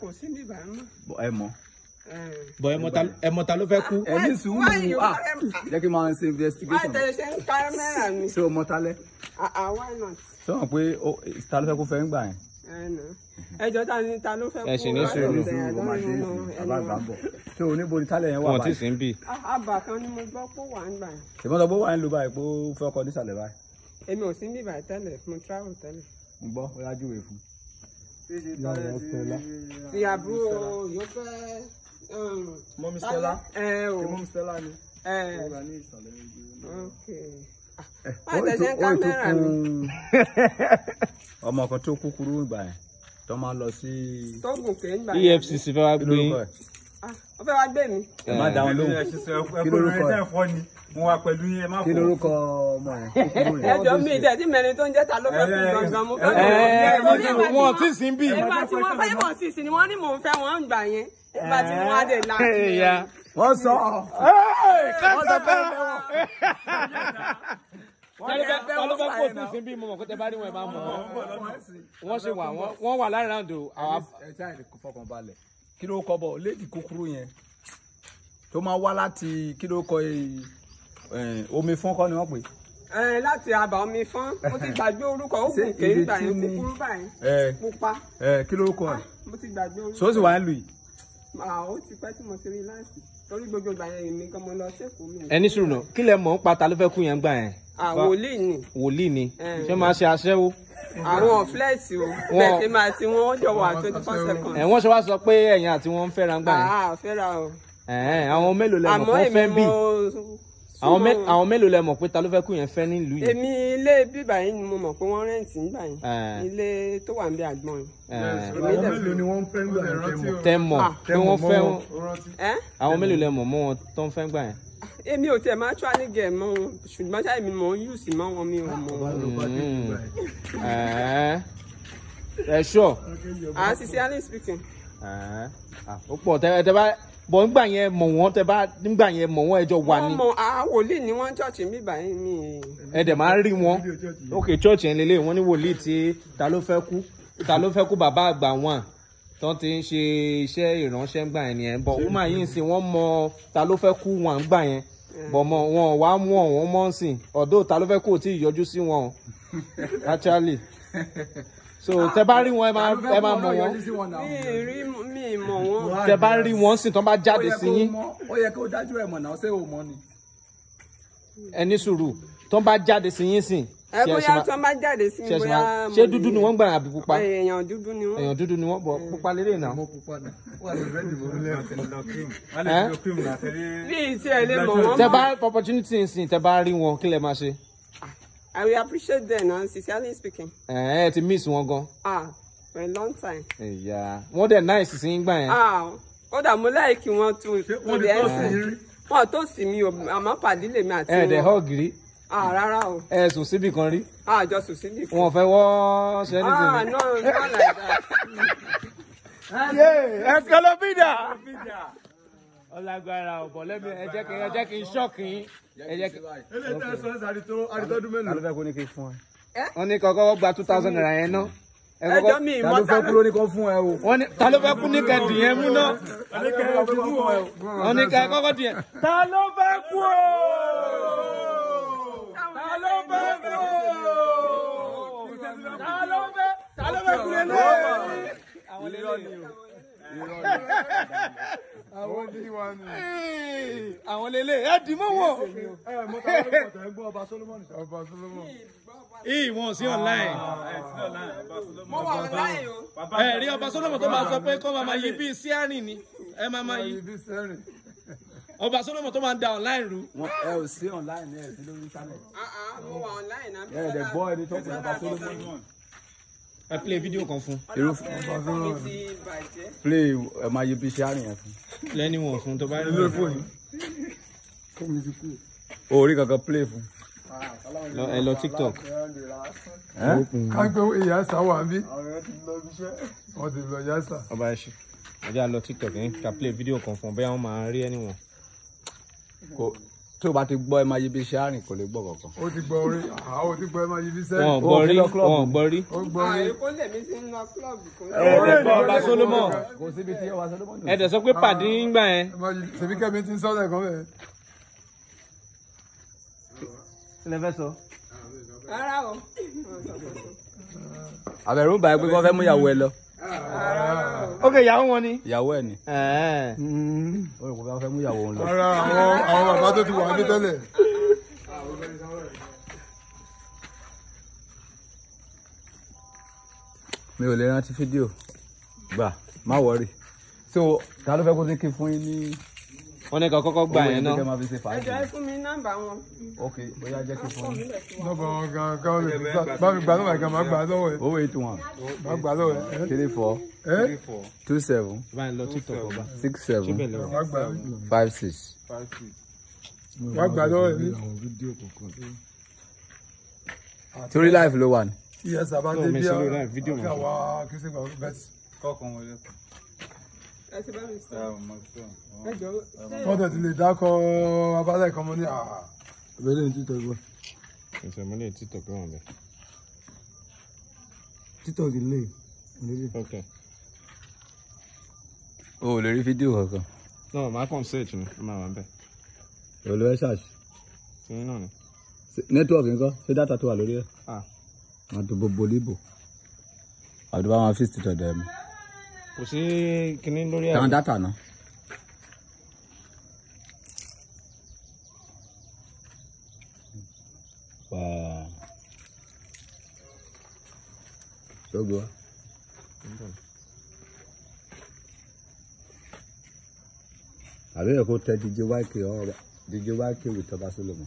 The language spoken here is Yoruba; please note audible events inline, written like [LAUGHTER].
kò sí níbà mọ́. ẹ mọ̀ bọ ẹmọ ta ló fẹ́ kú. ẹni sùúrù a ah, jẹ́ kí n máa ṣe investigation. wọ́n tẹ̀lé ṣe ń kámẹ́rà mi. ṣé o mọ talẹ́. àwa náà. sọ wọn pé ta ló fẹ́ kú fẹ́ ń gbà yẹn. ẹjọ́ ta ni ta ló fẹ́ kú. ẹ̀sìn ní sùúrù ní sùúrù ó máa ṣe é sùn alágbà bọ̀. ṣé o níbo ni talẹ̀ yẹn wà báyìí. wọn ti sìn bí. Ah, ah, àbà kan ni mo gbọ́ pé wà ń gbà yẹn. ṣùgbọ́n tó wà ń lu báyìí pé ó fẹ́ ọkọ nísàlẹ̀ báyìí. èmi ò sí níbà tẹ́lẹ̀ tẹ́lẹ̀. mo gbọ́ ti àbúrò yóò fẹ́. mọ́mí Stella ti mọ́mí eh, oh. Stella ni. Eh. Ah, eh, [LAUGHS] ọmọ kan tó kúkúrú ìgbà yẹn tó máa lọ sí. tó gùn ké ń gbà yẹn. EFCC fẹ́ wá gbé yín. Ah, ó fẹ́ wá gbé mi. ẹ má dáhùn lóhùn kí lórúkọ ẹ mo wà pẹ̀lú yín ẹ má fò. kí lorúkọ ọmọ yẹn. [LAUGHS] ẹjọ mi ìdẹ tí mẹrin tó ń jẹ ta ló fẹ́ fún gangan mo fẹ́ fún un. wọn ti sin bí. ìgbà tí wọn fẹ́ mọ̀ sí sin ni wọ́n ní mò ń fẹ́ wọn ń gbà yẹn ìgbà tí wọ́n á dé la. wọ́n sọ ọ́. wọ́n sọ fẹ́ wọn. wọ́n wà wọ́n wà láàrin ẹ ti àyè fọkàn balẹ̀ kí ló kọ bọ̀ léèdì kúkúrú yẹn tó máa wá láti kí ló kọ èyí. Eh, omi fún kọ́ ni wọ́n pè é eh, láti àbá omi fán [LAUGHS] eh, ah, mo ti gbàgbé orúkọ ó kù kéé gbà yẹn kúkúrú báyìí pupa. kí ló kọ ẹ mo ti gbàgbé orúkọ sọ́sì wàá lù yìí. Ah, ó ti pẹ́ tí mo ti rí láti torí gbogbo ìgbà yẹn èmi gan mo lọ sẹ́kọ̀ọ́ mi. ẹni sùn nà kí lẹ mọ̀ ń pa ta ló fẹ́ kú yẹn gbà yẹn. Ah, wòlíì ni wòlíì ni ṣé máa ṣe aṣẹ́wó. àwọn fúlẹ́ẹ̀tì o bẹ́ẹ̀ ṣe máa ti wọ́n jọ wà twenty four seconds. ẹ̀ wọ́n ṣe wá sọ pé ẹ̀yin àti wọn ń fẹ́ràn gbà yẹn. àwọn mélòó lẹ mọ̀ fẹ́ bì. àmọ́ èmi mo àwọn mélòó lẹ mọ̀ pé ta ló fẹ́ kú yẹn fẹ́ nílùú yìí. èmi ilé bíbà yìí ni mo mọ̀ pé wọ́n rẹ́ǹtì nígbà yẹn ilé tó wà níbi àgbọn yìí. àwọn mélòó ni wọ́n fẹ́ gbà yẹn tẹ́ mọ̀ ah. pé wọ́n fẹ́ wọn àwọn mélòó lẹ mọ̀ mọ́ wọn tó ń fẹ́ gbà yẹn. èmi ò tẹ̀ máa tíwálé gẹ̀ mọ́ wọn ṣùgbọ́n ṣáà èmi mọ̀ ń yù sí mọ́ wọn mi ò mọ̀ wọn. ẹ ṣọ. ah sisi allen speaking. ó pọ̀ tẹ́ bọ̀ nígbà yẹn mọ̀ wọ́n tẹ bá nígbà yẹn mọ̀ wọ́n ẹjọ́ wà ní. wọ́n mọ àwòlíì ni wọ́n chọ́ọ̀chì mi báyìí mi. ẹ dẹ̀ máa rí wọn ok chọ́ọ̀chì yẹn lélẹ̀ wọ́n ní wòlíì tí ta ló fẹ́ kú ta ló fẹ́ kú bàbá àgbà wọn tó ti ń ṣe iṣẹ́ ìránṣẹ́ ńgbà yẹn nìyẹn bọ̀ wọ́n máa yín sí wọ́n mọ ta ló fẹ́ kú wọn ńgbà yẹn bọ̀ mọ wọn wá mú ọ̀wọ́n mọ́ sìn ọ̀dọ́ ta ló fẹ́ kú ò tí ì yọjú sí wọn [LAUGHS] actually so tẹ bá rí wọn ẹ máa ẹ máa mọ̀ wọn. mi rí mi mọ̀ wọn. tẹ bá rí wọn sì tán bá jáde sí yín. ó yẹ kí o dájú ẹ mọ̀ náà ṣé o mọ̀ ni. ẹ ní sùúrù tán bá jáde sí yín sìn. ẹ bóyá tán bá jáde sí yín bóyá. ṣé dúdú ni wọ́n gbà àbí pupa. èèyàn dúdú ni wọ́n. èèyàn ni wọ́n bọ̀ pupa lélẹ̀ náà. mo pupa ẹ lè mọ̀ wọ́n mọ́. tẹ bá opportunity sìn tẹ bá rí wọn kí lẹ máa ṣe. I will appreciate that, now, sincerely speaking. Eh, ẹ eh, ti miss wọn gan. Ah, for a long time. yeah. wọ́n dẹ̀ nice sí ń gbà yẹn. Ah, kódà mo láìkí want to. What the end. What the sì mi o, àmọ́ pàdé lèmi àti eh, wọn. Ẹ dẹ̀ hug rí. Ah, rara. Eh, so sùn síbì kan Ah, just to síbì kan. Wọ́n fẹ́ wọ́ ṣe Ah, no, not like that. [LAUGHS] Yay, Escalopida! Escalopida! ọlágbára ọ̀bọ̀ lẹ́mi ẹ jẹ́ kí ẹ jẹ́ kí n ṣọ́ọ̀kì yín ẹ jẹ́ kí. eléyìí tẹ́ ẹ sọ ẹsẹ̀ àdìtò àdìtọ́dún mélòó. alọ́ fẹ́ ní kí n fún ẹ. wọ́n ní kọ́kọ́ gba two thousand naira yẹn náà. ẹjọ́ mi ìmọ̀ ta ló fẹ́ kú lóní kan fún ẹ o. wọ́n ní ta ló fẹ́ kú ní kẹ́ẹ̀dì yẹn mú náà. wọ́n ní kẹ́ẹ̀ kọ́kọ́ dì yẹn. kú o. àwọn lélẹ̀ ẹ dì mọ́ wọn. ìwọ̀n sí online. Ah, ah, ah, mo wà online o. ẹ rí ọba Solomon tó máa sọ pé kó máa yí bí síárìn ni ẹ máa máa yí. Ọba Solomon tó máa ń da online rú. wọn ẹ ò sí online ẹ sí lórí internet. mo wà online náà. ẹ ẹ dẹ gbọ́ ẹni tó kọ ọba Solomon ẹ play video kan fún. play ẹ máa yẹ bí ṣe àárín yẹn fún. lẹ́ni wọn fún tó bá rí Orí oh, kankan play fún. Eh, eh? Ẹ lọ TikTok. Ká gbé ìyáṣà wà bí. Wọ́n ti lọ yáṣà. Ọba ẹ ṣe. Ọjà lọ TikTok ní ká play fídíò kan fún bẹ́ẹ̀ wọ́n máa rí ẹni wọn. Tí o bá ti gbọ́ ẹ máa yí bí iṣẹ́ àrìn kò lè gbọ́ kankan. O ti gbọ́ orí. O ti gbọ́ ẹ máa yí bí sẹ́yìn. Wọ́n gbọ́ rí. Wọ́n gbọ́ rí. O gbọ́ ah, rí. Àyíkó lèmi ti ń lọ kílọ̀bù kan. Ẹ bọ̀ ọba Solomon. Kò síbi tí ọba Solomon. Ẹ dẹ̀ sọ pé ah. pàdé ń gbà yẹn. Ṣèbí kẹ́mi ti ń sọ́dọ̀ ẹ̀kọ́ bẹ́ẹ̀ ilẹ̀ fẹ́ sọ. rárá o. àbẹ̀rù ń bá ẹ pé kọ́ fẹ́ mú ìyàwó ẹ lọ. ok ìyàwó wọn ni. ìyàwó ẹ ni. ó rò pé kọ́ fẹ́ mú ìyàwó òun lọ. ara àwọn àwọn bàbá tó ti wà ní tẹ́lẹ̀. mi ò lè rántí fídíò gbà má wọrí so ta ló fẹ́ kó tí kí fún yín ní wọ́n ní kan kọ́kọ́ gbà yẹn náà. ẹjọ́ ẹ fún mi nọ́mbà wọn. ok bóyá jẹ́ kí n fún mi. nọ́mbà wọn gan gan olè bá mi gbà lọ́wọ́ ẹ̀ gan máa gbà lọ́wọ́ ẹ̀. owó ètò wọn. máa gbà lọ́wọ́ ẹ̀. three four. three four. two seven. báyìí lọ tiktok ọba. six seven. five six. máa gbà lọ́wọ́ ẹ̀ torí live ló wà ní. iye sábà dé bí a kí a wá kí n bẹ́ẹ̀ kọ́kàn wọlé kan wọ́n tẹ̀ ti lè dákọ̀ abálẹ̀ kan mọ́ ní àhà ah, ìbẹ̀rẹ̀ ah, ní títọ̀ gbọ́. ìṣẹ̀ mọ́lẹ̀ títọ̀ pé wọ́n bẹ̀. títọ̀ kì í lè lórí. o ò lè rí fídíò kankan. náà màá kàn sí ètò ni ó máa wà bẹ́ẹ̀. olú ẹ ṣáàṣì. tìyín náà ni. nẹ́tíwọ̀kì nǹkan ṣé dáta tó wà lórí ẹ̀. àdùgbò bolíbò. àdùgbò àwọn fíìsì tọ̀ dẹ̀ mi kò sí kinní lórí ẹ̀. tàwọn dátà náà. sọgbọ. àbí ẹ̀kọ́ tẹ díje wáìkì ọ̀rọ̀ díje wáìkì wìtọ́ bá sólòmù.